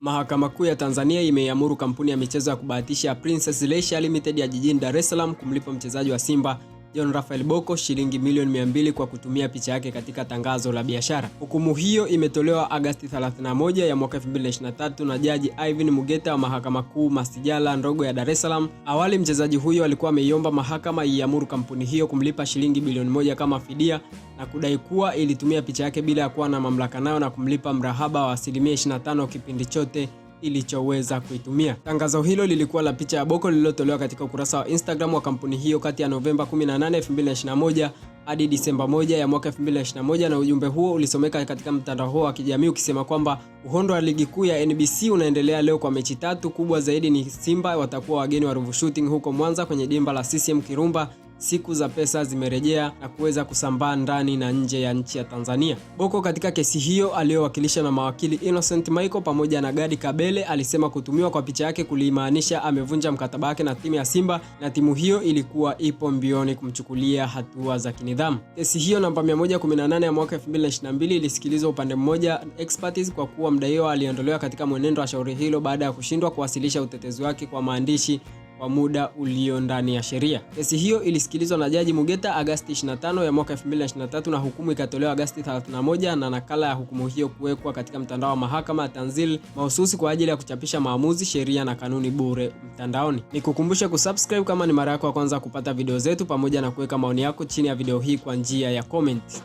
Mahakama Kuu ya Tanzania imeiamuru kampuni ya michezo ya kubahatisha Princess Leisure Limited ya jijini Dar es Salaam kumlipa mchezaji wa Simba John Raphael Bocco shilingi milioni 200 kwa kutumia picha yake katika tangazo la biashara. Hukumu hiyo imetolewa Agasti 31 ya mwaka 2023 na Jaji Ivan Mugeta wa Mahakama Kuu Masijala ndogo ya Dar es Salaam. Awali mchezaji huyo alikuwa ameiomba mahakama iamuru kampuni hiyo kumlipa shilingi bilioni moja kama fidia na kudai kuwa ilitumia picha yake bila ya kuwa na mamlaka nayo na kumlipa mrahaba wa asilimia 25 kipindi chote ilichoweza kuitumia. Tangazo hilo lilikuwa la picha ya boko lililotolewa katika ukurasa wa Instagram wa kampuni hiyo kati ya Novemba 18, 2021 hadi Disemba 1 ya mwaka 2021, na ujumbe huo ulisomeka katika mtandao huo wa kijamii ukisema kwamba uhondo wa ligi kuu ya NBC unaendelea leo kwa mechi tatu kubwa zaidi. Ni Simba watakuwa wageni wa Ruvu Shooting huko Mwanza kwenye dimba la CCM Kirumba siku za pesa zimerejea na kuweza kusambaa ndani na nje ya nchi ya Tanzania. Boko katika kesi hiyo aliyowakilisha na mawakili Innocent Michael pamoja na Gadi Kabele alisema kutumiwa kwa picha yake kulimaanisha amevunja mkataba wake na timu ya Simba na timu hiyo ilikuwa ipo mbioni kumchukulia hatua za kinidhamu. Kesi hiyo namba 118 ya mwaka 2022 ilisikilizwa upande mmoja expertise, kwa kuwa mdaiwa aliondolewa katika mwenendo wa shauri hilo baada ya kushindwa kuwasilisha utetezi wake kwa maandishi kwa muda ulio ndani ya sheria. Kesi hiyo ilisikilizwa na Jaji Mugeta Agasti 25 ya mwaka 2023 na hukumu ikatolewa Agasti 31 na nakala ya hukumu hiyo kuwekwa katika mtandao wa mahakama ya Tanzil mahususi kwa ajili ya kuchapisha maamuzi, sheria na kanuni bure mtandaoni. Nikukumbushe kusubscribe kama ni mara yako ya kwanza kupata video zetu pamoja na kuweka maoni yako chini ya video hii kwa njia ya comment.